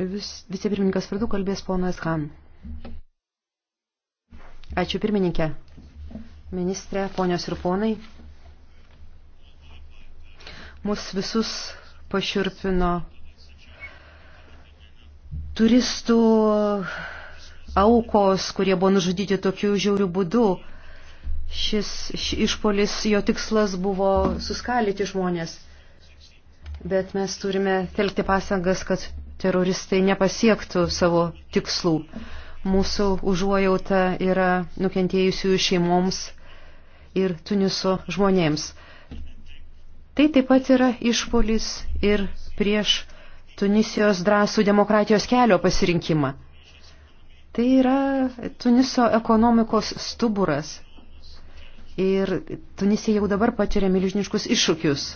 Vis, vicepirmininkas vardu kalbės ponas Han. Ačiū pirmininkė. Ministrė, ponios ir ponai. Mus visus paširpino turistų aukos, kurie buvo nužudyti tokiu žiauriu būdu. Šis ši išpolis, jo tikslas buvo suskalyti žmonės. Bet mes turime telkti pasangas, kad teroristai nepasiektų savo tikslų. Mūsų užuojauta yra nukentėjusiųjų šeimoms ir Tuniso žmonėms. Tai taip pat yra išpolis ir prieš Tunisijos drąsų demokratijos kelio pasirinkimą. Tai yra Tuniso ekonomikos stuburas. Ir Tunisija jau dabar patiria milžiniškus iššūkius.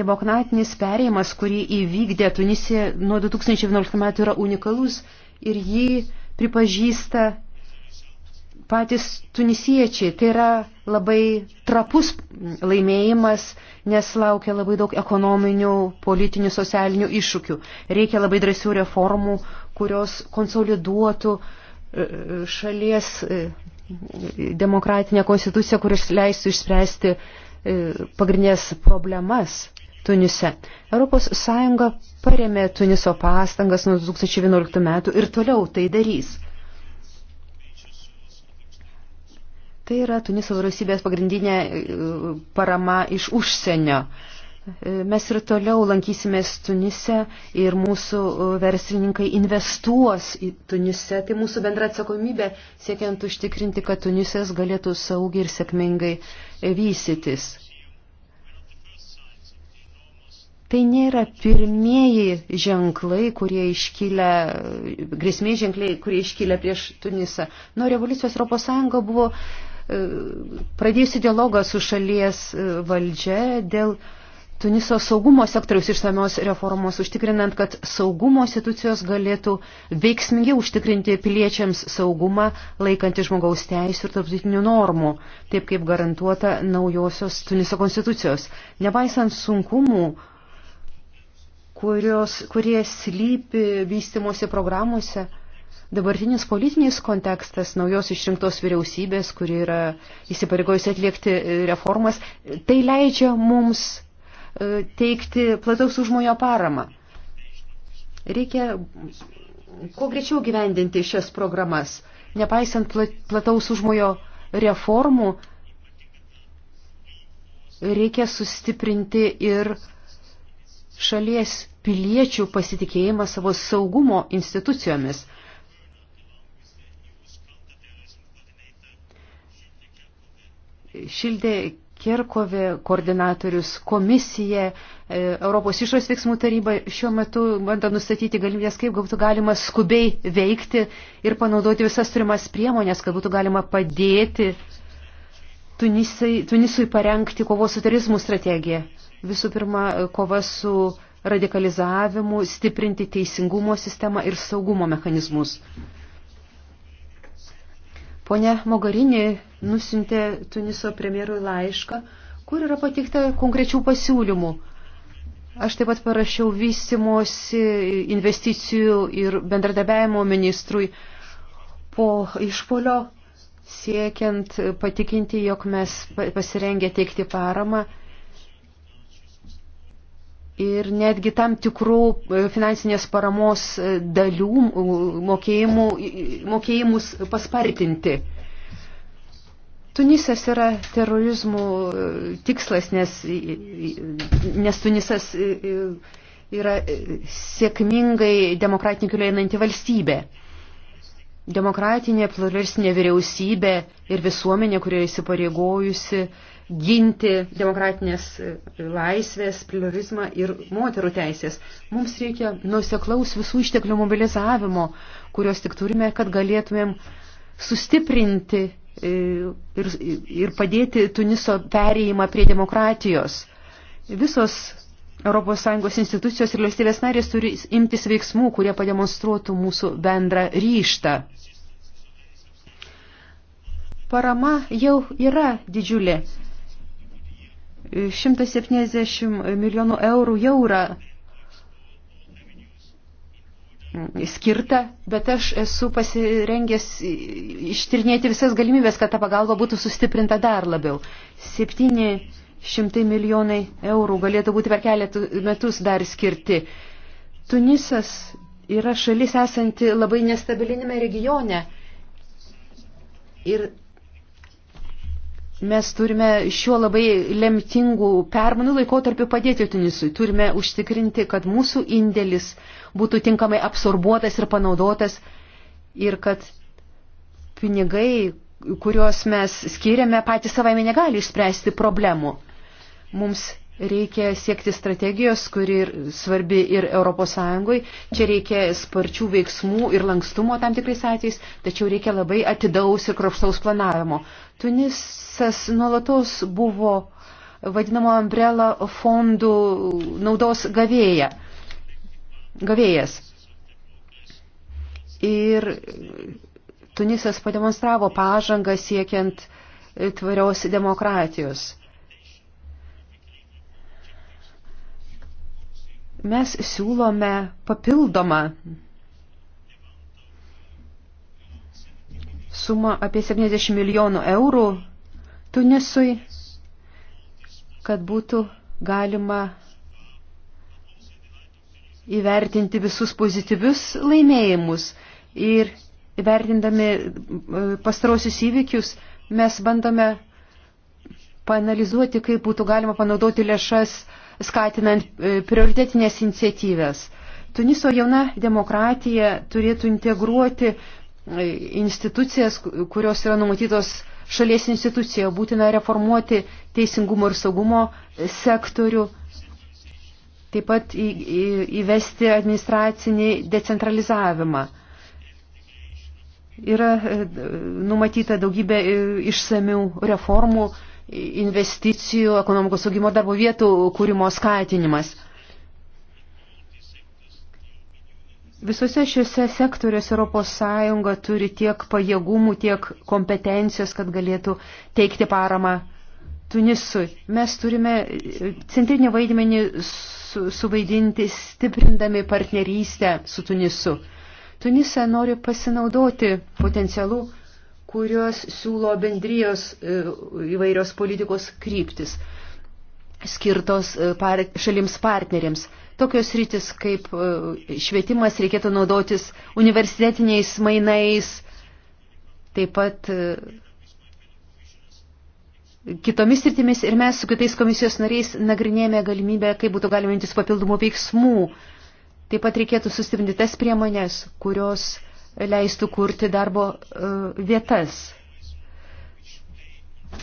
Demokratinis perėjimas, kurį įvykdė Tunisija nuo 2011 metų yra unikalus ir jį pripažįsta patys tunisiečiai. Tai yra labai trapus laimėjimas, nes laukia labai daug ekonominių, politinių, socialinių iššūkių. Reikia labai drąsių reformų, kurios konsoliduotų e, e, šalies e, demokratinę konstituciją, kuris leistų išspręsti pagrindinės problemas. Tunise. ES paremė Tuniso pastangas nuo 2011 metų ir toliau tai darys. Tai yra Tuniso vyriausybės pagrindinė e, parama iš užsienio. E, mes ir toliau lankysimės Tunise ir mūsų e, verslininkai investuos į Tunise. Tai mūsų bendra atsakomybė siekiant užtikrinti, kad Tunisės galėtų saugiai ir sėkmingai vystytis. Tai nėra pirmieji ženklai, kurie iškilę, grėsmės ženklai, kurie iškilę prieš Tunisą. Nuo revoliucijos ES buvo e, pradėjusi dialogą su šalies e, valdžia dėl Tuniso saugumo sektoriaus išsamios reformos, užtikrinant, kad saugumo institucijos galėtų veiksmingiau užtikrinti piliečiams saugumą, laikantį žmogaus teisų ir tarptautinių normų, taip kaip garantuota naujosios Tuniso konstitucijos. Nepaisant sunkumų, kurios, kurie slypi vystimosi programuose. Dabartinis politinis kontekstas, naujos išrinktos vyriausybės, kuri yra įsipareigojusi atliekti e, reformas, tai leidžia mums e, teikti plataus užmojo paramą. Reikia kuo greičiau gyvendinti šias programas, nepaisant plataus užmojo reformų, reikia sustiprinti ir šalies piliečių pasitikėjimą savo saugumo institucijomis. Šildė Kirkovė, koordinatorius, komisija, e, Europos išorės veiksmų taryba šiuo metu bando nustatyti galimybės, kaip būtų galima skubiai veikti ir panaudoti visas turimas priemonės, kad būtų galima padėti Tunisai, Tunisui parengti kovos su terorizmu strategiją. Visų pirma, kova su radikalizavimu, stiprinti teisingumo sistemą ir saugumo mechanizmus. Pone Mogarinė nusintė Tuniso premjerui laišką, kur yra patikta konkrečių pasiūlymų. Aš taip pat parašiau vystimosi investicijų ir bendradarbiavimo ministrui po išpolio siekiant patikinti, jog mes pasirengę teikti paramą ir netgi tam tikrų e, finansinės paramos e, dalių mokėjimų, mokėjimus paspartinti. Tunisas yra terorizmų e, tikslas, nes, nes Tunisas yra sėkmingai demokratiniu keliu einanti valstybė. Demokratinė, pluralistinė vyriausybė ir visuomenė, kurioje įsipareigojusi ginti demokratinės e, laisvės, pluralizmą ir moterų teisės. Mums reikia nuseklaus visų išteklių mobilizavimo, kurios tik turime, kad galėtumėm sustiprinti e, ir, ir padėti Tuniso perėjimą prie demokratijos. Visos ES institucijos ir valstybės narės turi imtis veiksmų, kurie pademonstruotų mūsų bendrą ryštą. Parama jau yra didžiulė 170 milijonų eurų jau yra skirta, bet aš esu pasirengęs ištirnėti visas galimybės, kad ta pagalba būtų sustiprinta dar labiau. 700 milijonai eurų galėtų būti per keletų metus dar skirti. Tunisas yra šalis esanti labai nestabilinėme regione. Ir Mes turime šiuo labai lemtingų permainų laikotarpiu padėti Tunisui. Turime užtikrinti, kad mūsų indėlis būtų tinkamai absorbuotas ir panaudotas ir kad pinigai, kuriuos mes skiriame, patys savaime negali išspręsti problemų. Mums reikia siekti strategijos, kuri ir svarbi ir ES. Čia reikia sparčių veiksmų ir lankstumo tam tikrais atvejais, tačiau reikia labai atidaus ir kropštaus planavimo. Tunisas nuolatos buvo vadinamo umbrella fondų naudos gavėja, gavėjas. Ir Tunisas pademonstravo pažangą siekiant tvarios demokratijos. Mes siūlome papildomą sumą apie 70 milijonų eurų Tunisui, kad būtų galima įvertinti visus pozityvius laimėjimus ir įvertindami e, pastarosius įvykius mes bandome panalizuoti, kaip būtų galima panaudoti lėšas skatinant e, prioritetinės iniciatyvas. Tuniso jauna demokratija turėtų integruoti E, institucijas, kurios yra numatytos šalies institucijoje. Būtina reformuoti teisingumo ir saugumo sektorių, taip pat į, į, įvesti administracinį decentralizavimą. Yra e, numatyta daugybė e, išsamių reformų, investicijų, ekonomikos augimo darbo vietų kūrimo skatinimas. Visose šiuose sektoriuose ES turi tiek pajėgumų, tiek kompetencijos, kad galėtų teikti paramą Tunisui. Mes turime e, centrinį vaidmenį su, suvaidinti stiprindami partnerystę su Tunisu. Tunise nori pasinaudoti potencialų, kuriuos siūlo bendrijos e, įvairios politikos kryptis skirtos e, par, šalims partneriams tokios rytis kaip e, švietimas reikėtų naudotis universitetiniais mainais, taip pat e, kitomis rytimis ir mes su kitais komisijos nariais nagrinėjame galimybę, kaip būtų galima imtis papildomų veiksmų. Taip pat reikėtų sustiprinti tas priemonės, kurios leistų kurti darbo e, vietas.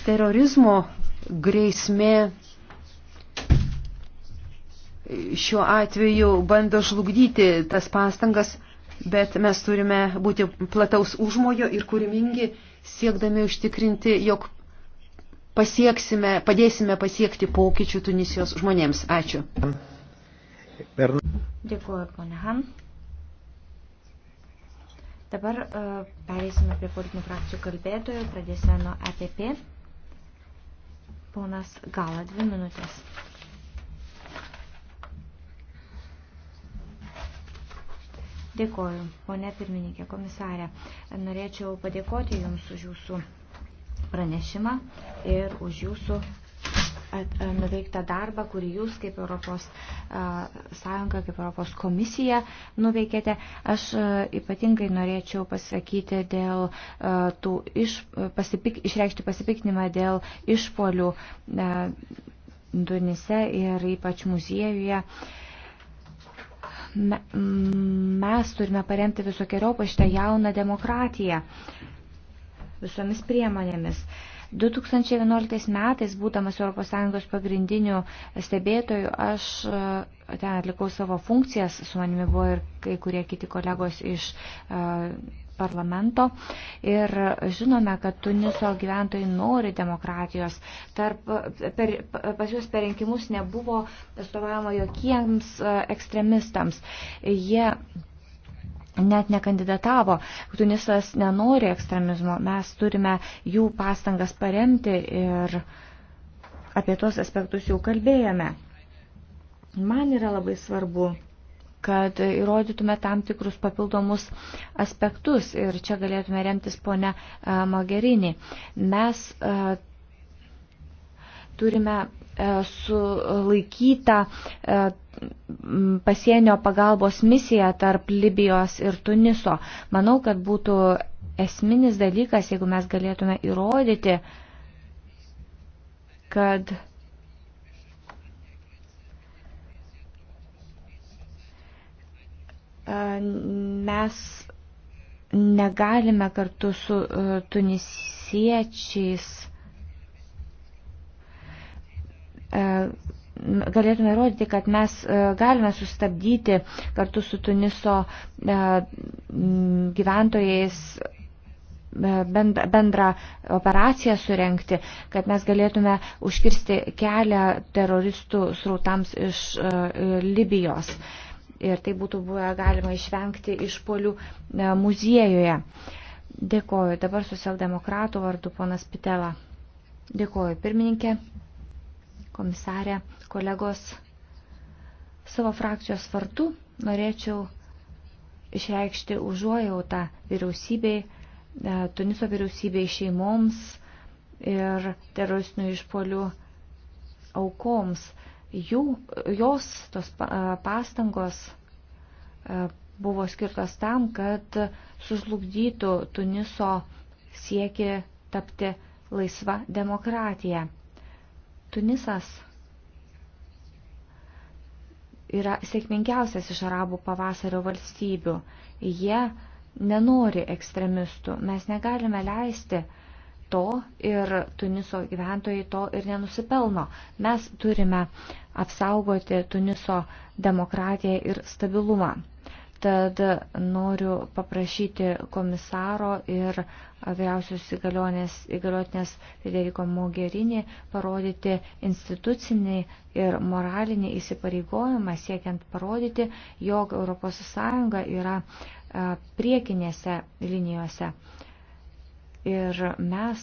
Terorizmo grėsmė šiuo atveju bando žlugdyti tas pastangas, bet mes turime būti plataus užmojo ir kūrimingi, siekdami užtikrinti, jog pasieksime, padėsime pasiekti pokyčių Tunisijos žmonėms. Ačiū. Dėkuoju, ponė Han. Dabar uh, pereisime prie politinių frakcijų kalbėtojų. Pradėsime nuo ATP. E Ponas Gala, dvi minutės. Dėkoju, ponė pirmininkė, komisarė. Norėčiau padėkoti Jums už Jūsų pranešimą ir už Jūsų nuveiktą darbą, kurį jūs kaip Europos sąjunga, kaip Europos komisija nuveikėte. Aš ypatingai norėčiau pasakyti dėl tų iš, pasipik, išreikšti pasipiktinimą dėl išpolių Dunise ir ypač muziejuje me, mm, mes turime paremti visokiojopą šitą jauną demokratiją visomis priemonėmis. 2011 metais, būdamas ES pagrindiniu stebėtoju, aš e, ten atlikau savo funkcijas, su manimi buvo ir kai kurie kiti kolegos iš e, parlamento ir žinome, kad Tuniso gyventojai nori demokratijos. Tarp, per, pas juos per rinkimus nebuvo atstovavimo jokiems e, ekstremistams. Jie net nekandidatavo. Tunisas nenori ekstremizmo. Mes turime jų pastangas paremti ir apie tuos aspektus jau kalbėjome. Man yra labai svarbu kad įrodytume tam tikrus papildomus aspektus ir čia galėtume remtis ponę e, Mogerinį. Mes e, turime e, sulaikytą pasienio pagalbos misiją tarp Libijos ir Tuniso. Manau, kad būtų esminis dalykas, jeigu mes galėtume įrodyti, kad Mes negalime kartu su tunisiečiais galėtume rodyti, kad mes galime sustabdyti kartu su Tuniso gyventojais bendrą operaciją surenkti, kad mes galėtume užkirsti kelią teroristų srautams iš Libijos. Uh, ir tai būtų buvę galima išvengti išpolių e, muziejuje. Dėkoju. Dabar socialdemokratų vardu ponas Pitela. Dėkoju pirmininkė, komisarė, kolegos. Savo frakcijos vardu norėčiau išreikšti užuojautą vyriausybei, e, Tuniso vyriausybei šeimoms ir teroristinių išpolių aukoms jų, jos tos pastangos e, buvo skirtos tam, kad sužlugdytų Tuniso sieki tapti laisva demokratija. Tunisas yra sėkmingiausias iš arabų pavasario valstybių. Jie nenori ekstremistų. Mes negalime leisti, to ir Tuniso gyventojai to ir nenusipelno. Mes turime apsaugoti Tuniso demokratiją ir stabilumą. Tad noriu paprašyti komisaro ir vyriausios įgaliotinės Federico Mogherini parodyti institucinį ir moralinį įsipareigojimą, siekiant parodyti, jog ES yra e, priekinėse linijose Ir mes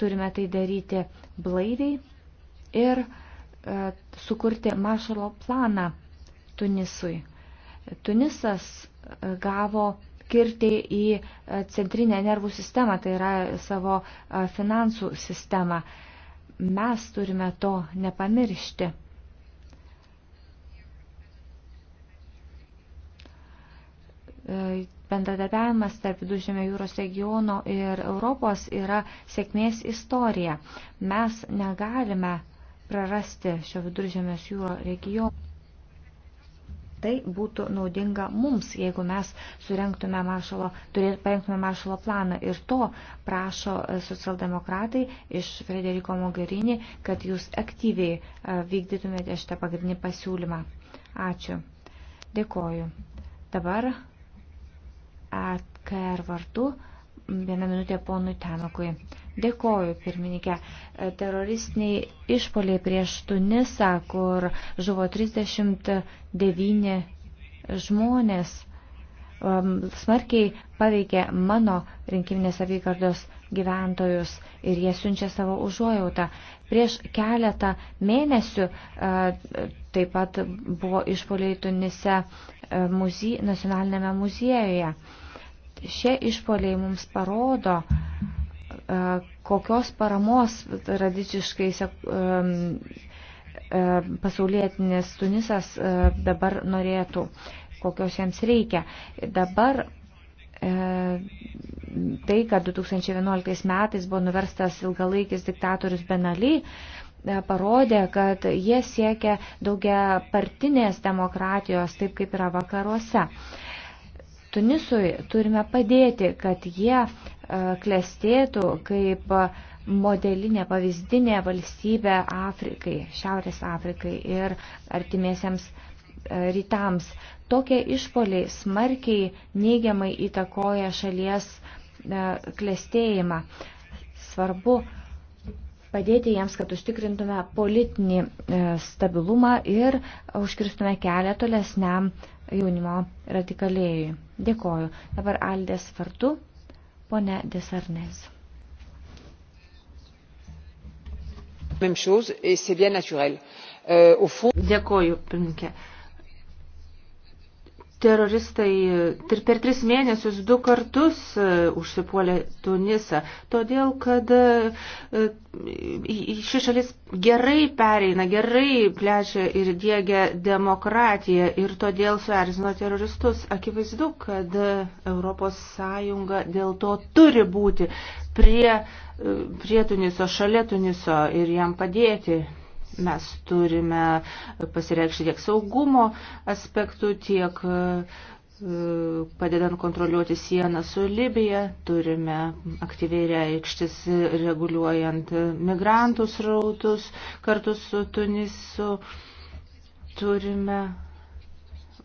turime tai daryti blaiviai ir e, sukurti maršalo planą Tunisui. Tunisas e, gavo kirti į e, centrinę nervų sistemą, tai yra savo e, finansų sistemą. Mes turime to nepamiršti bendradarbiavimas tarp Vidužėmio jūros regiono ir Europos yra sėkmės istorija. Mes negalime prarasti šio Viduržėmės jūro regiono. Tai būtų naudinga mums, jeigu mes surenktume maršalo, turėt, parengtume maršalo planą. Ir to prašo e, socialdemokratai iš Frederiko Mogherini, kad jūs aktyviai e, vykdytumėte šitą pagrindinį pasiūlymą. Ačiū. Dėkoju. Dabar AKR vardu. Vieną minutę ponui Tenokui. Dėkoju, pirmininkė. Teroristiniai išpoliai prieš Tunisą, kur žuvo 39 žmonės, um, smarkiai paveikė mano rinkiminės apygardos gyventojus ir jie siunčia savo užuojautą. Prieš keletą mėnesių uh, taip pat buvo išpoliai Tunise uh, muzie, nacionalinėme muziejuje. Šie išpoliai mums parodo, uh, kokios paramos tradiciškai um, uh, pasaulietinis Tunisas uh, dabar norėtų kokios jiems reikia. Dabar e, tai, kad 2011 metais buvo nuverstas ilgalaikis diktatorius Benali, e, parodė, kad jie siekia daugia partinės demokratijos, taip kaip yra vakaruose. Tunisui turime padėti, kad jie e, klestėtų kaip modelinė, pavyzdinė valstybė Afrikai, Šiaurės Afrikai ir artimiesiems E, rytams. Tokie išpoliai smarkiai neigiamai įtakoja šalies e, klėstėjimą. Svarbu padėti jiems, kad užtikrintume politinį e, stabilumą ir užkirstume kelią tolesniam jaunimo radikalėjui. Dėkoju. Dabar Aldės vardu, ponė Desarnez. Euh, Dėkoju, pirmininkė. Teroristai per tris mėnesius du kartus e, užsipuolė Tunisą, todėl kad e, e, ši šalis gerai pereina, gerai plečia ir dėgia demokratiją ir todėl suerzino teroristus. Akivaizdu, kad ES dėl to turi būti prie, prie Tuniso, šalia Tuniso ir jam padėti. Mes turime pasireikšti tiek saugumo aspektų, tiek e, padedant kontroliuoti sieną su Libija, turime aktyviai reikštis reguliuojant migrantų srautus kartu su Tunisu, turime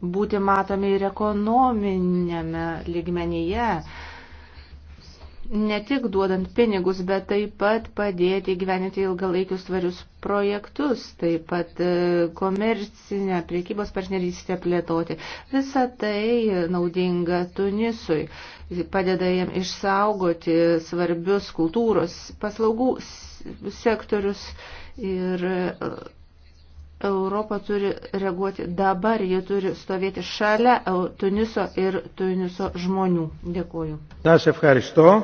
būti matomi ir ekonominėme ligmenyje ne tik duodant pinigus, bet taip pat padėti gyveninti ilgalaikius tvarius projektus, taip pat e, komercinę priekybos partnerystę plėtoti. Visa tai naudinga Tunisui, padeda jam išsaugoti svarbius kultūros paslaugų sektorius ir e, Europa turi reaguoti dabar, ji turi stovėti šalia Tuniso ir Tuniso žmonių. Dėkuoju. Tas efkaristo,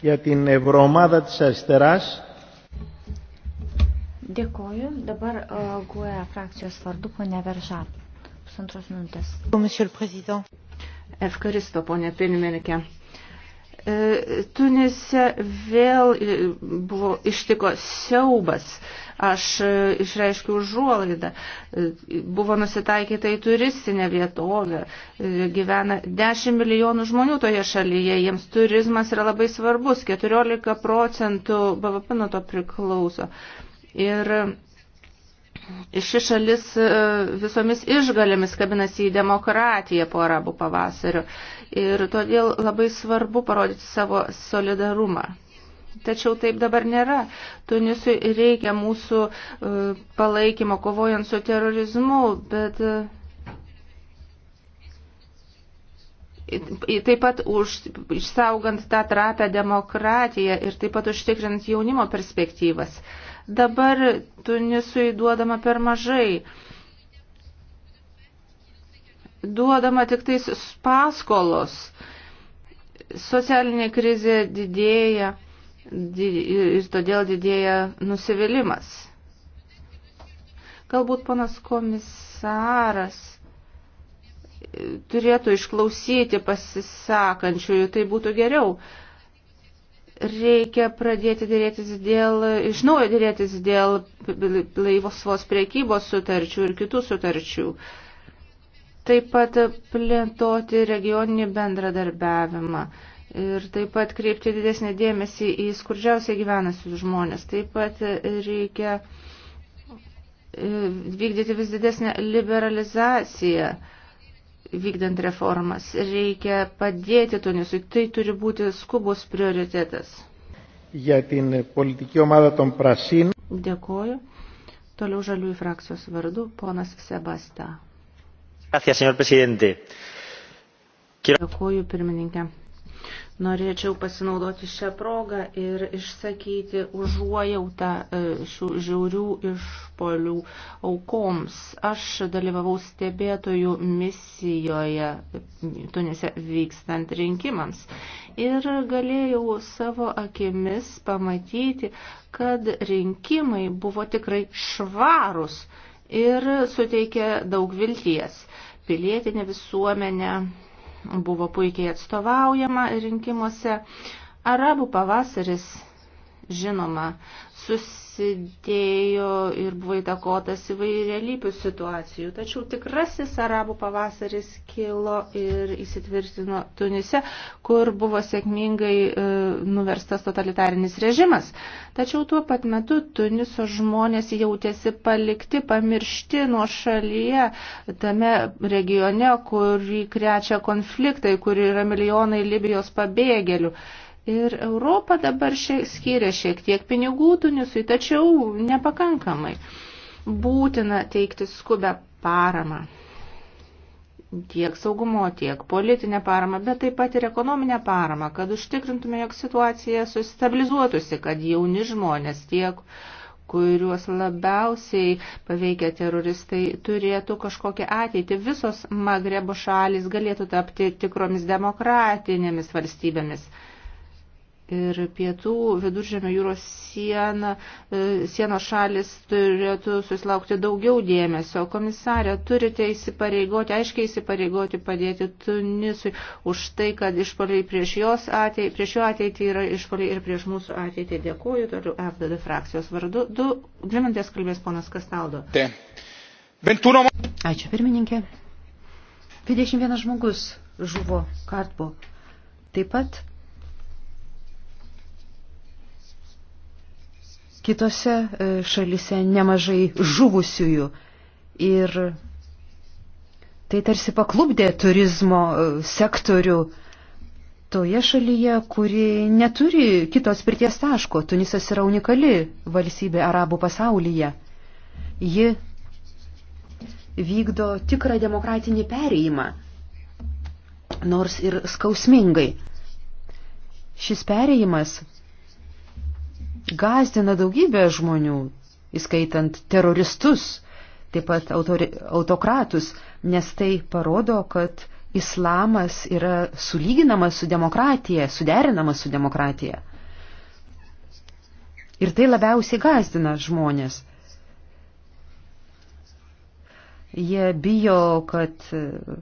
για την Ευρωομάδα της Αριστεράς. Dėkuoju. Dabar uh, GUE frakcijos vardu ponė Verža. Pusantros minutės. Monsieur le Président. Efkaristo, ponė pirmininkė. E, Tunise vėl e, buvo ištiko siaubas. Aš e, išreiškiau užuolaidą. Buvo nusitaikyta į turistinę vietovę. Gyvena 10 milijonų žmonių toje šalyje. Jiems turizmas yra labai svarbus. 14 procentų BVP nuo to priklauso. Ir Ši šalis e, visomis išgalėmis kabinasi į demokratiją po arabų pavasario ir todėl labai svarbu parodyti savo solidarumą. Tačiau taip dabar nėra. Tunisui reikia mūsų e, palaikymo kovojant su terorizmu, bet e, taip pat už, išsaugant tą trapę demokratiją ir taip pat užtikrint jaunimo perspektyvas. Dabar Tunisui duodama per mažai. Duodama tik tais paskolos. Socialinė krizė didėja ir todėl didėja nusivylimas. Galbūt panas komisaras turėtų išklausyti pasisakančiųjų, tai būtų geriau reikia pradėti dėrėtis dėl, iš naujo dėrėtis dėl laivosvos priekybos sutarčių ir kitų sutarčių. Taip pat plėtoti regioninį bendradarbiavimą ir taip pat kreipti didesnį dėmesį į skurdžiausiai gyvenasius žmonės. Taip pat reikia e, vykdyti vis didesnę liberalizaciją vykdant reformas. Reikia padėti Tunisui. Tai turi būti skubus prioritetas. Dėkoju. Toliau žaliųjų frakcijos vardu ponas Sebasta. Gracias, señor presidente. Dėkoju, pirmininkė. Norėčiau pasinaudoti šią progą ir išsakyti užuojautą e, šių žiaurių išpolių aukoms. Aš dalyvavau stebėtojų misijoje Tunise vykstant rinkimams ir galėjau savo akimis pamatyti, kad rinkimai buvo tikrai švarus ir suteikė daug vilties. Pilietinė visuomenė buvo puikiai atstovaujama rinkimuose. Arabų pavasaris, žinoma, susitikė prisidėjo ir buvo įtakotas įvairialypių situacijų. Tačiau tikrasis arabų pavasaris kilo ir įsitvirtino Tunise, kur buvo sėkmingai e, nuverstas totalitarinis režimas. Tačiau tuo pat metu Tuniso žmonės jautėsi palikti, pamiršti nuo šalyje tame regione, kurį krečia konfliktai, kur yra milijonai Libijos pabėgėlių. Ir Europa dabar šiek, skiria šiek tiek pinigų Tunisui, tačiau nepakankamai. Būtina teikti skubę paramą. Tiek saugumo, tiek politinę paramą, bet taip pat ir ekonominę paramą, kad užtikrintume, jog situacija sustabilizuotųsi, kad jauni žmonės tiek kuriuos labiausiai paveikia teroristai, turėtų kažkokią ateitį. Visos Magrebo šalis galėtų tapti tikromis demokratinėmis valstybėmis ir pietų viduržėmio jūros siena, e, sienos šalis turėtų susilaukti daugiau dėmesio. Komisarė, turite įsipareigoti, aiškiai įsipareigoti padėti Tunisui už tai, kad išpoliai prieš, jos ateitį, prieš jo ateitį yra išpoliai ir prieš mūsų ateitį. Dėkuoju, toliau FDD frakcijos vardu. Du, dvi minutės kalbės ponas Kastaldo. Ačiū pirmininkė. 21 žmogus žuvo kartbu. Taip pat kitose e, šalise nemažai žuvusiųjų. Ir tai tarsi paklubdė turizmo e, sektorių toje šalyje, kuri neturi kitos pirties taško. Tunisas yra unikali valstybė arabų pasaulyje. Ji vykdo tikrą demokratinį perėjimą, nors ir skausmingai. Šis perėjimas gazdina daugybę žmonių, įskaitant teroristus, taip pat autori, autokratus, nes tai parodo, kad islamas yra sulyginamas su demokratija, suderinamas su demokratija. Ir tai labiausiai gazdina žmonės. Jie bijo, kad uh,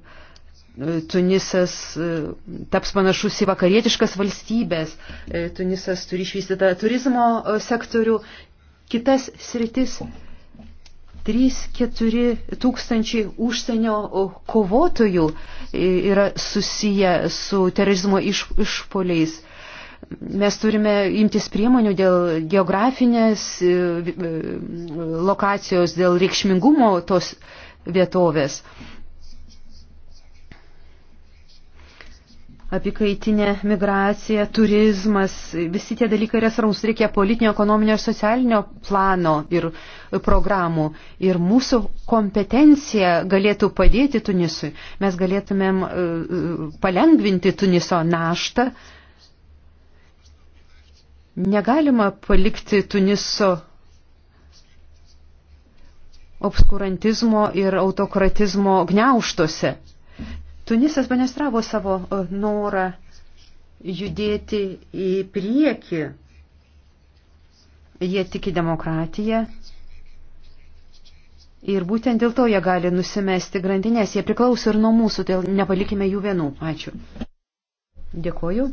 E, Tunisas e, taps panašus į vakarietiškas valstybės, e, Tunisas turi išvystytą turizmo sektorių, kitas sritis. 3-4 tūkstančiai užsienio kovotojų yra susiję su terorizmo iš, išpoliais. Mes turime imtis priemonių dėl geografinės lokacijos, dėl reikšmingumo tos vietovės. apikaitinė migracija, turizmas, visi tie dalykai yra svarbus, reikia politinio, ekonominio ir socialinio plano ir programų. Ir mūsų kompetencija galėtų padėti Tunisui. Mes galėtumėm e, e, palengvinti Tuniso naštą. Negalima palikti Tuniso obskurantizmo ir autokratizmo gniauštose Tunisas panestravo savo e, norą judėti į priekį. Jie tiki demokratiją ir būtent dėl to jie gali nusimesti grandinės. Jie priklauso ir nuo mūsų, todėl tai nepalikime jų vienų. Ačiū. Dėkoju.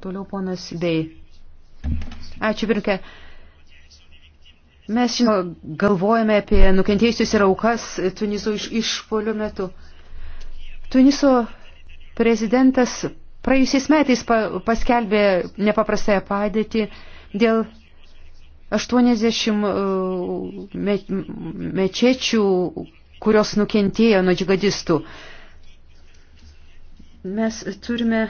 Toliau ponas Bei. Ačiū, Birke. Mes žinoma, galvojame apie nukentėjusius ir aukas Tuniso iš išpolių metu. Tuniso prezidentas praėjusiais metais pa, paskelbė nepaprastąją padėtį dėl 80 e, me, mečečių, kurios nukentėjo nuo džigadistų. Mes turime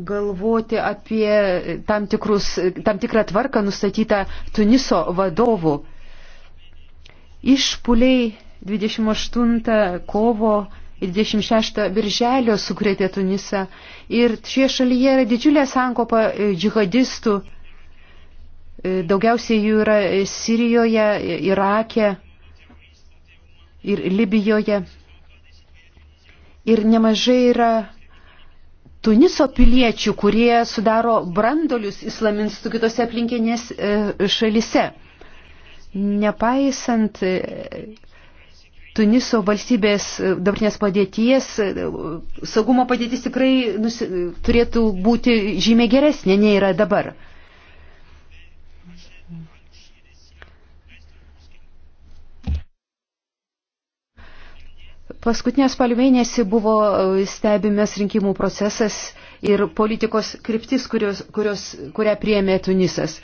galvoti apie tam, tikrus, tam tikrą tvarką nustatytą Tuniso vadovų. Išpuliai 28 kovo ir 26 birželio sukrėtė Tunisą ir šie šalyje yra didžiulė sankopa e, džihadistų. E, daugiausiai jų yra Sirijoje, Irake ir Libijoje. Ir nemažai yra Tuniso piliečių, kurie sudaro brandolius islamistų kitose aplinkinės e, šalise. Nepaisant e, Tuniso valstybės e, dabartinės padėties, saugumo padėtis tikrai nusi, turėtų būti žymiai geresnė nei yra dabar. Paskutinę spalio mėnesį buvo e, stebimas rinkimų procesas ir politikos kryptis, kurios, kurios, kurią priemė Tunisas.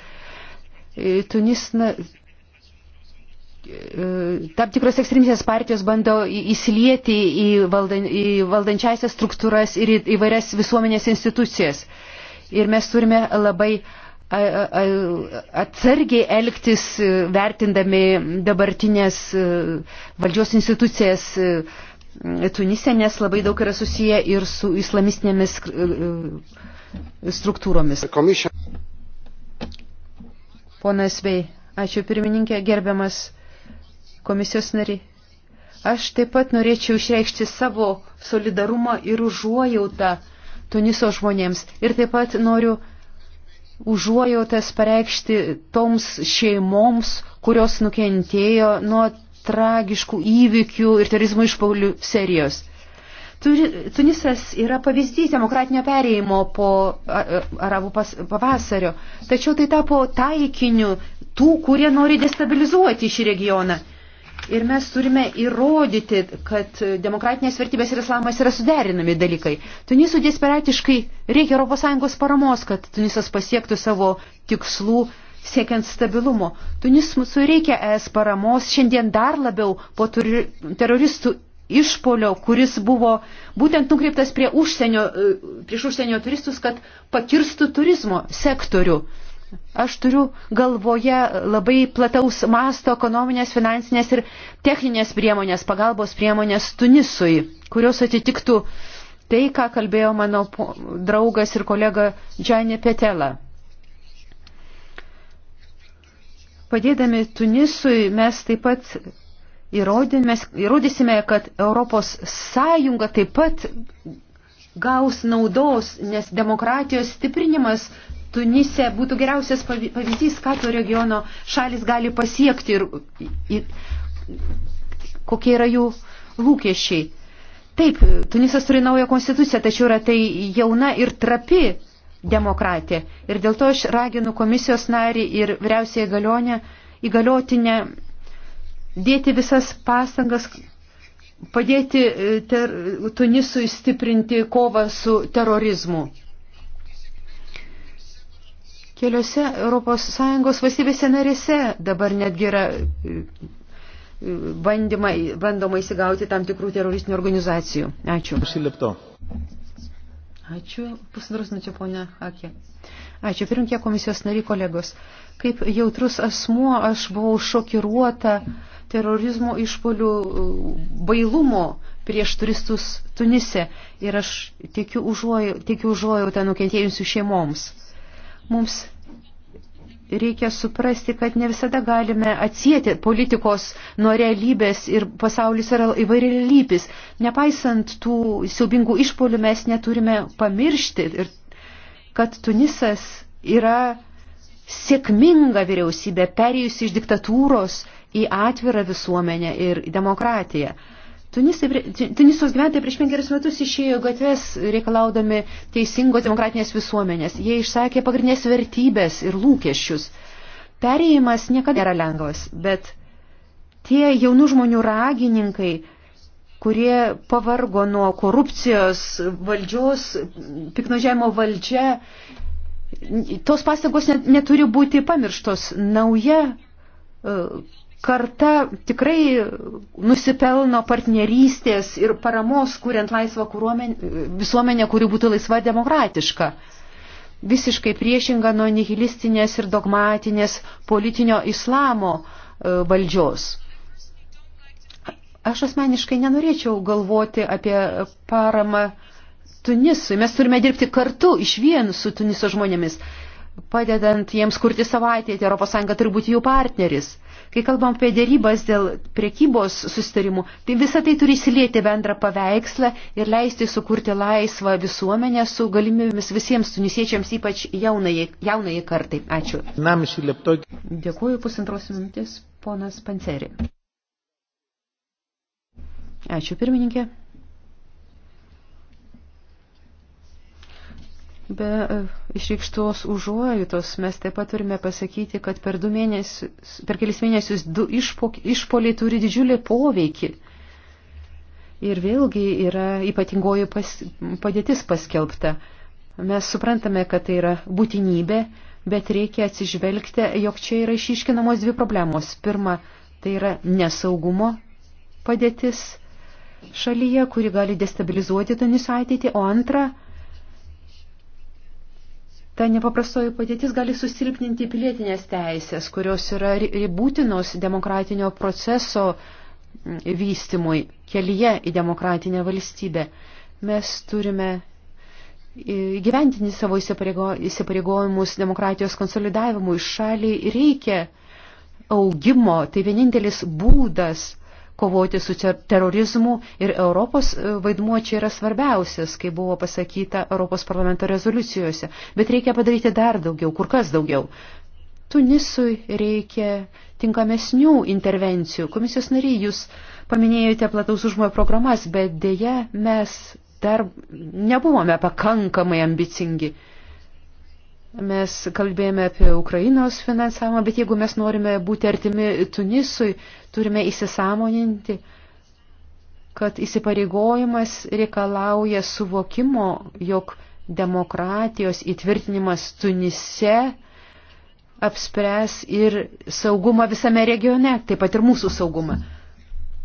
E, Tunis, na, e, tam tikros ekstremistės partijos bando įsilieti į, valdan, į valdančiasias struktūras ir į įvairias visuomenės institucijas. Ir mes turime labai uh, atsargiai elgtis, e, vertindami dabartinės e, valdžios institucijas e, Tunise, nes labai daug yra susiję ir su islamistinėmis struktūromis. Ponas Vei, ačiū pirmininkė, gerbiamas komisijos nariai. Aš taip pat norėčiau išreikšti savo solidarumą ir užuojautą Tuniso žmonėms. Ir taip pat noriu užuojautas pareikšti toms šeimoms, kurios nukentėjo nuo tragiškų įvykių ir terorizmo išpaulių serijos. Tunisas yra pavyzdys demokratinio perėjimo po arabų pavasario, tačiau tai tapo taikiniu tų, kurie nori destabilizuoti šį regioną. Ir mes turime įrodyti, kad demokratinės vertybės ir islamas yra suderinami dalykai. Tunisų desperatiškai reikia ES paramos, kad Tunisas pasiektų savo tikslų siekiant stabilumo. Tunisui reikia ES paramos šiandien dar labiau po teroristų išpolio, kuris buvo būtent nukreiptas prie užsienio, e, prieš užsienio turistus, kad pakirstų turizmo sektorių. Aš turiu galvoje labai plataus masto ekonominės, finansinės ir techninės priemonės, pagalbos priemonės Tunisui, kurios atitiktų tai, ką kalbėjo mano draugas ir kolega Džanė Petela. Padėdami Tunisui mes taip pat įrodysime, kad Europos Sąjunga taip pat gaus naudos, nes demokratijos stiprinimas Tunise būtų geriausias pavyzdys, ką to regiono šalis gali pasiekti ir, ir kokie yra jų lūkesčiai. Taip, Tunisas turi naują konstituciją, tačiau yra tai jauna ir trapi demokratija. Ir dėl to aš raginu komisijos narį ir vyriausiai įgalionę, įgaliotinę dėti visas pastangas, padėti e, ter, Tunisui stiprinti kovą su terorizmu. Keliose ES valstybėse narėse dabar netgi yra e, e, bandymai, bandoma įsigauti tam tikrų teroristinių organizacijų. Ačiū. Pusilipto. Ačiū. Pusantros minučių, ponia Hakė. Ačiū. Pirmkie komisijos nariai kolegos. Kaip jautrus asmuo aš buvau šokiruota terorizmo išpolių e, bailumo prieš turistus Tunise ir aš tikiu užuojautą nukentėjusių šeimoms. Mums reikia suprasti, kad ne visada galime atsijėti politikos nuo realybės ir pasaulis yra įvairiai lypis. Nepaisant tų siaubingų išpolių mes neturime pamiršti, ir, kad Tunisas yra sėkminga vyriausybė, perėjusi iš diktatūros į atvirą visuomenę ir demokratiją. Tunisai, Tunisos gyventojai prieš penkerius metus išėjo gatves reikalaudami teisingos demokratinės visuomenės. Jie išsakė pagrindinės vertybės ir lūkesčius. Perėjimas niekada nėra lengvas, bet tie jaunų žmonių ragininkai, kurie pavargo nuo korupcijos, valdžios, piknožėjimo valdžia, tos pastangos net, neturi būti pamirštos. Nauja e, karta tikrai nusipelno partnerystės ir paramos, kuriant laisvą visuomenę, kuri būtų laisva demokratiška. Visiškai priešinga nuo nihilistinės ir dogmatinės politinio islamo e, valdžios. Aš asmeniškai nenorėčiau galvoti apie paramą Tunisui. Mes turime dirbti kartu iš vien su Tuniso žmonėmis, padedant jiems kurti savaitę, ES turi būti jų partneris Kai kalbam apie dėrybas dėl priekybos sustarimų, tai visą tai turi įsilieti bendrą paveikslą ir leisti sukurti laisvą visuomenę su galimybėmis visiems tunisiečiams, ypač jaunai, jaunai kartai. Ačiū. Dėkuoju pusantros minutės, ponas Panceri. Ačiū pirmininkė. Be e, išreikštos užuojautos mes taip pat turime pasakyti, kad per, du mėnesius, per kelis mėnesius du išpoliai turi didžiulį poveikį. Ir vėlgi yra ypatingoji pas, padėtis paskelbta. Mes suprantame, kad tai yra būtinybė, bet reikia atsižvelgti, jog čia yra išiškinamos dvi problemos. Pirma, tai yra nesaugumo padėtis šalyje, kuri gali destabilizuoti Tunis ateitį, o antra, ta nepaprastoji padėtis gali susilpninti pilietinės teisės, kurios yra būtinos demokratinio proceso vystimui kelyje į demokratinę valstybę. Mes turime gyventinį savo įsipareigojimus demokratijos konsolidavimui. Šaliai reikia augimo, tai vienintelis būdas kovoti su terorizmu ir Europos e, vaidmuo čia yra svarbiausias, kaip buvo pasakyta Europos parlamento rezoliucijose. Bet reikia padaryti dar daugiau, kur kas daugiau. Tunisui reikia tinkamesnių intervencijų. Komisijos nariai, jūs paminėjote plataus užmojo programas, bet dėja mes dar nebuvome pakankamai ambicingi. Mes kalbėjome apie Ukrainos finansavimą, bet jeigu mes norime būti artimi Tunisui, turime įsisamoninti, kad įsipareigojimas reikalauja suvokimo, jog demokratijos įtvirtinimas Tunise apspręs ir saugumą visame regione, taip pat ir mūsų saugumą.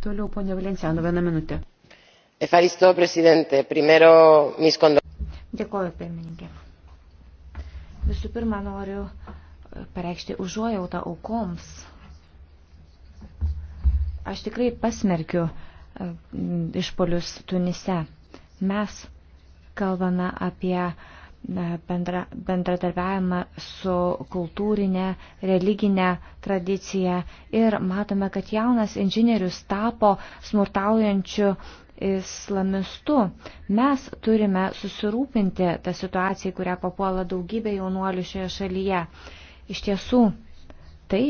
Toliau, ponia Valenciano, vieną minutę. Efaristo, prezidente, primero mis kondolencias. Dėkoju, pirmininkė. Visų pirma, noriu e, pareikšti užuojautą aukoms. Aš tikrai pasmerkiu e, išpolius Tunise. Mes kalbame apie e, bendra, bendradarbiavimą su kultūrinė, religinė tradicija ir matome, kad jaunas inžinierius tapo smurtaujančių islamistu. Mes turime susirūpinti tą situaciją, kurią papuola daugybė jaunuolių šioje šalyje. Iš tiesų, tai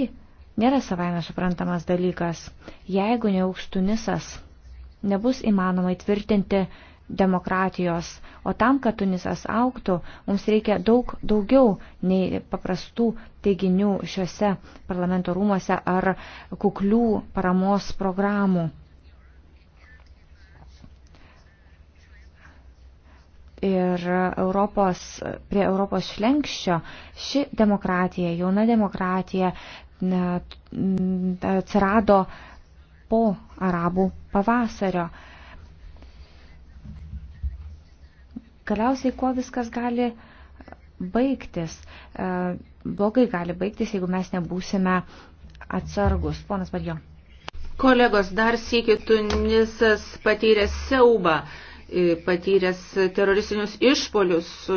nėra savaime suprantamas dalykas. Jeigu neauks Tunisas, nebus įmanoma įtvirtinti demokratijos, o tam, kad Tunisas auktų, mums reikia daug daugiau nei paprastų teiginių šiuose parlamento rūmose ar kuklių paramos programų. ir Europos, prie Europos šlenkščio ši demokratija, jauna demokratija atsirado po arabų pavasario. Galiausiai, kuo viskas gali baigtis? E, blogai gali baigtis, jeigu mes nebūsime atsargus. Ponas Badjo. Kolegos, dar sėki Tunisas patyrė siaubą patyręs teroristinius išpolius e,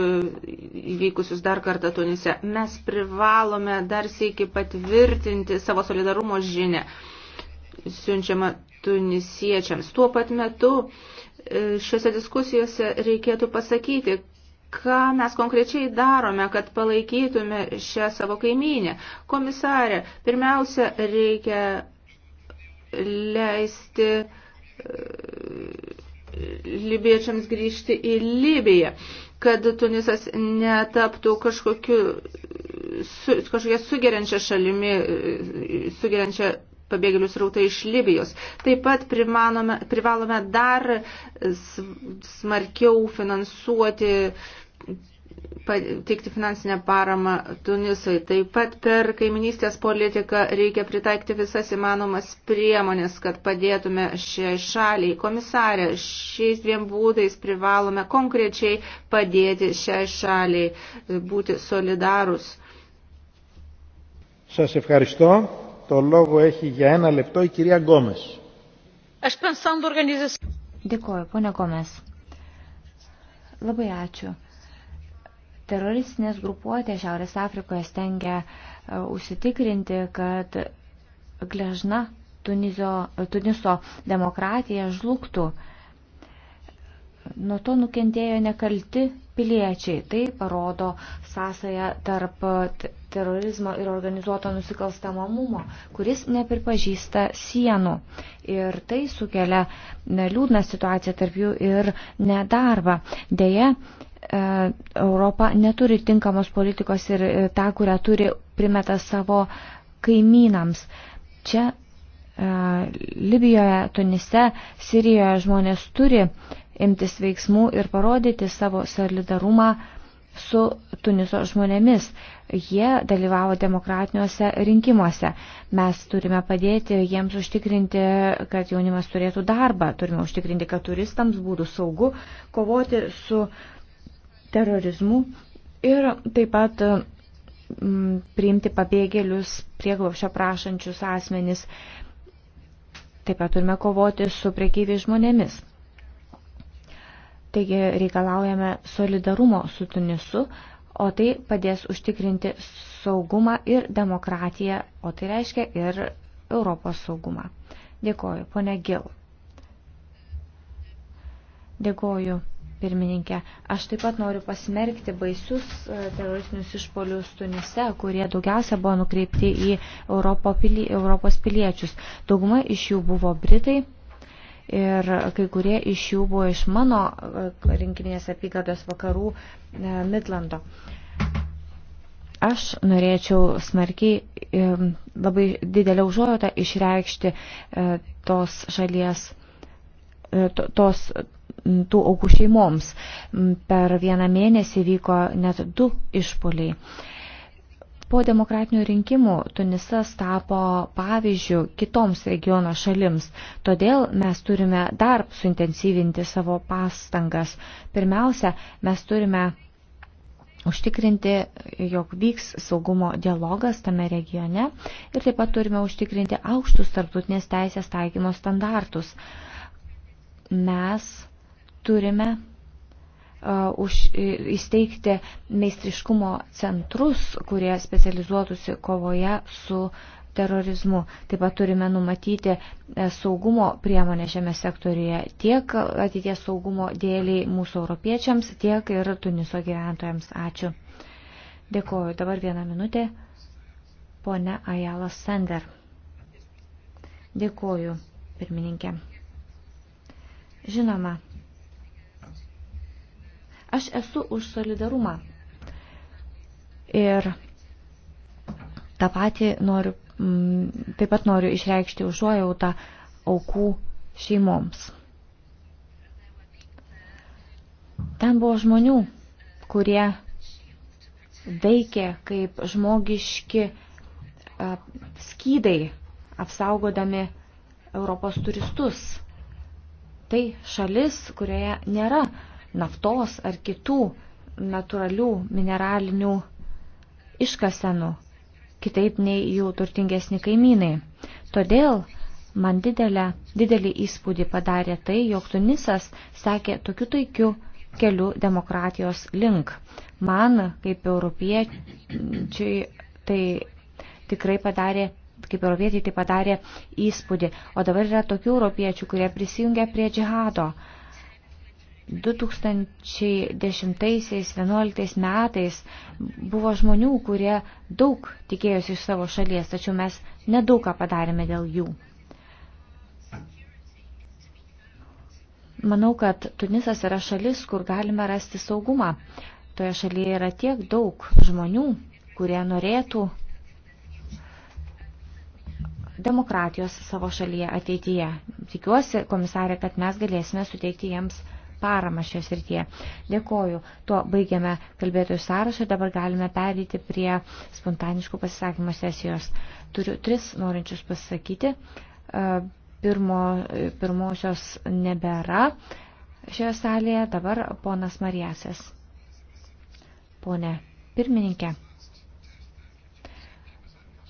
įvykusius dar kartą Tunise. Mes privalome dar sėki patvirtinti savo solidarumo žinę siunčiamą tunisiečiams. Tuo pat metu e, šiuose diskusijose reikėtų pasakyti, ką mes konkrečiai darome, kad palaikytume šią savo kaimynę. Komisarė, pirmiausia, reikia leisti e, libiečiams grįžti į Libiją, kad Tunisas netaptų kažkokiu, su, kažkokia sugeriančia šalimi, sugeriančia pabėgėlių srautą iš Libijos. Taip pat privalome dar smarkiau finansuoti teikti finansinę paramą Tunisui. Taip pat per kaiminystės politiką reikia pritaikti visas įmanomas priemonės, kad padėtume šiai šaliai. Komisarė, šiais dviem būdais privalome konkrečiai padėti šiai šaliai, būti solidarus. Σας ευχαριστώ. Το λόγο έχει για ένα λεπτό η κυρία Γκόμες. Aš pensando organizaciją. Dėkuoju, ponia Gomes. Labai ačiū. Teroristinės grupuotės Šiaurės Afrikoje stengia e, užsitikrinti, kad gležna Tunizio, Tuniso demokratija žlugtų. Nuo to nukentėjo nekalti piliečiai. Tai parodo sąsąją tarp terorizmo ir organizuoto nusikalstamumo, kuris nepripažįsta sienų. Ir tai sukelia liūdną situaciją tarp jų ir nedarbą. Deja, e, Europa neturi tinkamos politikos ir e, tą, kurią turi, primeta savo kaimynams. Čia e, Libijoje, Tunise, Sirijoje žmonės turi imtis veiksmų ir parodyti savo solidarumą su Tuniso žmonėmis. Jie dalyvavo demokratiniuose rinkimuose. Mes turime padėti jiems užtikrinti, kad jaunimas turėtų darbą, turime užtikrinti, kad turistams būtų saugu kovoti su terorizmu ir taip pat m, mm, priimti pabėgėlius prieglopšio prašančius asmenis. Taip pat turime kovoti su priekyviais žmonėmis. Taigi reikalaujame solidarumo su Tunisu, o tai padės užtikrinti saugumą ir demokratiją, o tai reiškia ir Europos saugumą. Dėkoju, ponia Gil. Dėkoju, pirmininkė. Aš taip pat noriu pasmerkti baisius e, teroristinius išpolius Tunise, kurie daugiausia buvo nukreipti į Europos piliečius. Dauguma iš jų buvo Britai ir kai kurie iš jų buvo iš mano e, rinkiminės apygardos vakarų e, Midlando. Aš norėčiau smarkiai e, labai didelę užuojotą išreikšti tos šalies, tos, tų aukų šeimoms. Per vieną mėnesį vyko net du išpoliai. Po demokratinių rinkimų Tunisas tapo pavyzdžių kitoms regiono šalims, todėl mes turime dar suintensyvinti savo pastangas. Pirmiausia, mes turime užtikrinti, jog vyks saugumo dialogas tame regione ir taip pat turime užtikrinti aukštus tarptautinės teisės taikymo standartus. Mes turime už, įsteigti meistriškumo centrus, kurie specializuotųsi kovoje su terorizmu. Taip pat turime numatyti e, saugumo priemonę šiame sektoriuje tiek ateities saugumo dėliai mūsų europiečiams, tiek ir Tuniso gyventojams. Ačiū. Dėkuoju. Dabar vieną minutę. Pone Ajala Sender. Dėkuoju, pirmininkė. Žinoma, Aš esu už solidarumą. Ir tą patį noriu, mm, taip pat noriu išreikšti užuojautą aukų šeimoms. Ten buvo žmonių, kurie veikė kaip žmogiški skydai, apsaugodami Europos turistus. Tai šalis, kurioje nėra uh, naftos ar kitų natūralių mineralinių iškasenų, kitaip nei jų turtingesni kaimynai. Todėl man didelę, didelį įspūdį padarė tai, jog Tunisas sekė tokiu taikiu keliu demokratijos link. Man, kaip europiečiai, tai tikrai padarė kaip europiečiai tai padarė įspūdį. O dabar yra tokių europiečių, kurie prisijungia prie džihado. Uh, 2010-2011 metais buvo žmonių, kurie daug tikėjosi iš savo šalies, tačiau mes nedaug ką padarėme dėl jų. Manau, kad Tunisas yra šalis, kur galime rasti saugumą. Toje šalyje yra tiek daug žmonių, kurie norėtų demokratijos savo šalyje ateityje. Tikiuosi, komisarė, kad mes galėsime suteikti jiems paramą šią srityje. Dėkoju. Tuo baigiame kalbėtojų sąrašą. Dabar galime perėti prie spontaniškų pasisakymų sesijos. Turiu tris norinčius pasakyti. E, pirmo, pirmosios nebėra šioje salėje. Dabar ponas Marijasės. Pone pirmininkė.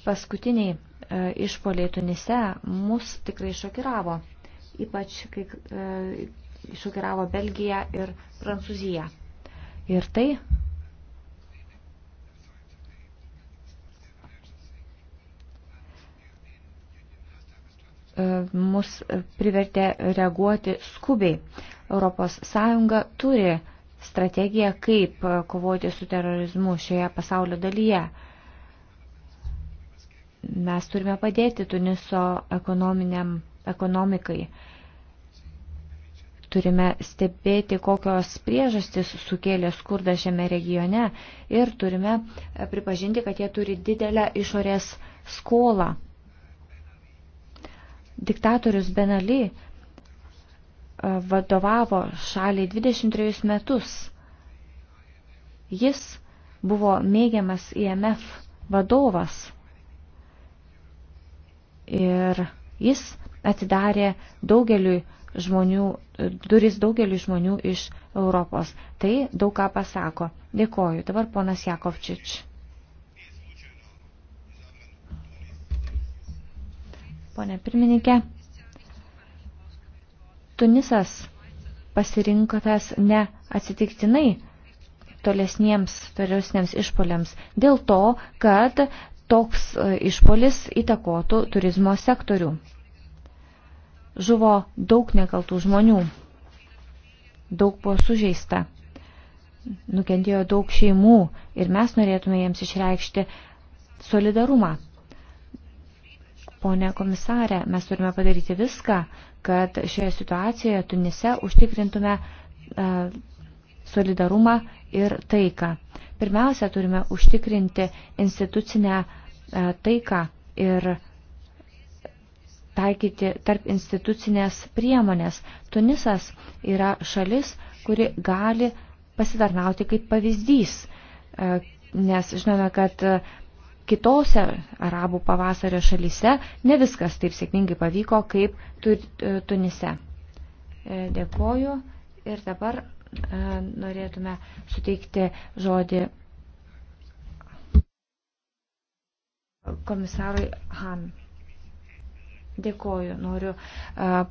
Paskutiniai e, išpoliai Tunise mus tikrai šokiravo, ypač kai e, šokiravo Belgiją ir Prancūziją. Ir tai mus privertė reaguoti skubiai. ES turi strategiją, kaip kovoti su terorizmu šioje pasaulio dalyje. Mes turime padėti Tuniso ekonominiam ekonomikai. Turime stebėti, kokios priežastys sukėlė skurdą šiame regione ir turime e, pripažinti, kad jie turi didelę išorės skolą. Diktatorius Benali e, vadovavo šaliai 23 metus. Jis buvo mėgiamas IMF vadovas. Ir jis atidarė daugeliui žmonių, e, duris daugeliu žmonių iš Europos. Tai daug ką pasako. Dėkoju. Dabar ponas Jakovčič. Pone pirmininkė, Tunisas pasirinkotas ne atsitiktinai tolesniems, tolesniems išpoliams dėl to, kad toks e, išpolis įtakotų turizmo sektorių žuvo daug nekaltų žmonių, daug buvo sužeista, nukentėjo daug šeimų ir mes norėtume jiems išreikšti solidarumą. Pone komisarė, mes turime padaryti viską, kad šioje situacijoje Tunise užtikrintume e, solidarumą ir taiką. Pirmiausia, turime užtikrinti institucinę e, taiką ir taiką taikyti tarp institucinės priemonės. Tunisas yra šalis, kuri gali pasitarnauti kaip pavyzdys, e, nes žinome, kad e, kitose arabų pavasario šalyse ne viskas taip sėkmingai pavyko kaip e, Tunise. Dėkoju ir dabar norėtume suteikti žodį komisarui Han. Dėkoju, noriu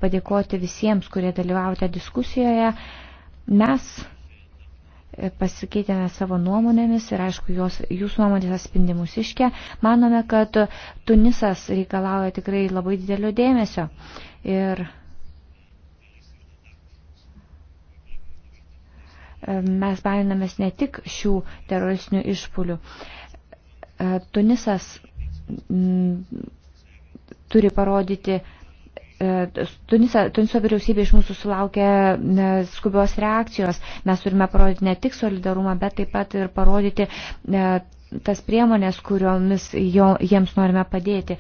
padėkoti visiems, kurie dalyvavote diskusijoje. Mes e, pasikeitėme savo nuomonėmis ir, aišku, jos, jūsų nuomonės atspindi mūsiškę. Manome, kad Tunisas reikalauja tikrai labai didelio dėmesio. Ir e, mes baiminamės ne tik šių teroristinių išpulių. E, Tunisas turi parodyti. E, Tunisa, Tuniso vyriausybė iš mūsų sulaukė e, skubios reakcijos. Mes turime parodyti ne tik solidarumą, bet taip pat ir parodyti e, tas priemonės, kuriomis jo, jiems norime padėti.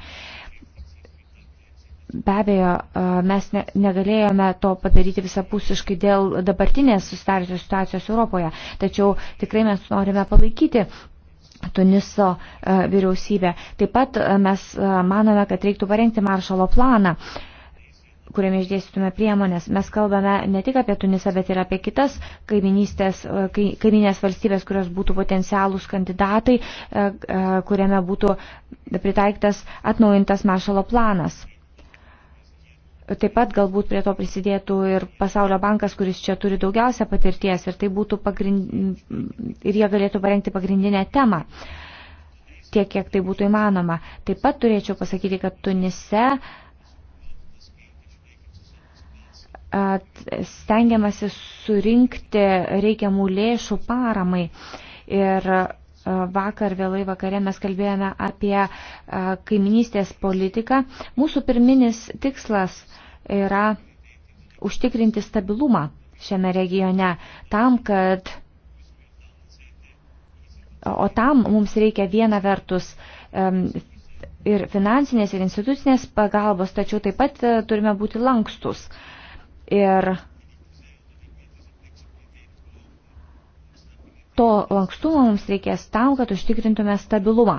Be abejo, mes ne, negalėjome to padaryti visapusiškai dėl dabartinės susitarusios situacijos Europoje, tačiau tikrai mes norime palaikyti Tuniso e, vyriausybė. Taip pat e, mes e, manome, kad reiktų parengti maršalo planą kuriame išdėstytume priemonės. Mes kalbame ne tik apie Tunisą, bet ir apie kitas kaiminės valstybės, kurios būtų potencialūs kandidatai, kuriame būtų pritaiktas atnaujintas maršalo planas. Taip pat galbūt prie to prisidėtų ir Pasaulio bankas, kuris čia turi daugiausia patirties ir, tai būtų pagrind... ir jie galėtų parengti pagrindinę temą tiek, kiek tai būtų įmanoma. Taip pat turėčiau pasakyti, kad Tunise stengiamasi surinkti reikiamų lėšų paramai ir vakar vėlai vakare mes kalbėjome apie kaiminystės politiką. Mūsų pirminis tikslas yra užtikrinti stabilumą šiame regione tam, kad O tam mums reikia viena vertus ir finansinės, ir institucinės pagalbos, tačiau taip pat e, turime būti lankstus. Ir To lankstumo mums reikės tam, kad užtikrintume stabilumą.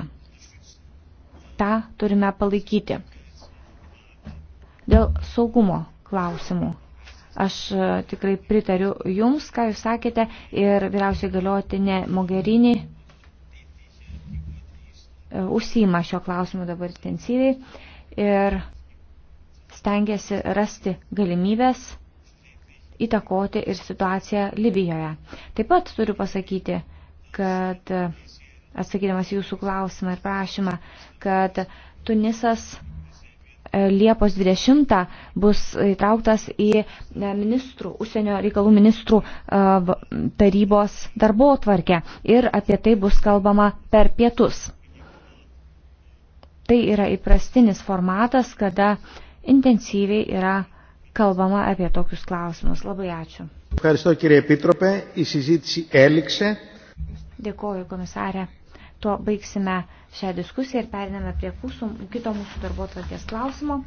Ta turime palaikyti. Dėl saugumo klausimų. Aš e, tikrai pritariu Jums, ką Jūs sakėte, ir vyriausiai galiotinė Mogherini e, užsima šio klausimu dabar intensyviai ir stengiasi rasti galimybės įtakoti ir situaciją Libijoje. Taip pat turiu pasakyti, kad atsakydamas jūsų klausimą ir prašymą, kad Tunisas e, Liepos 20 bus įtrauktas į e, ministrų, užsienio reikalų ministrų e, tarybos darbo tvarkę ir apie tai bus kalbama per pietus. Tai yra įprastinis formatas, kada intensyviai yra kalbama apie tokius klausimus. Labai ačiū. Dėkuoju, komisarė. Tuo baigsime šią diskusiją ir periname prie kito mūsų darbo tvarkės klausimo.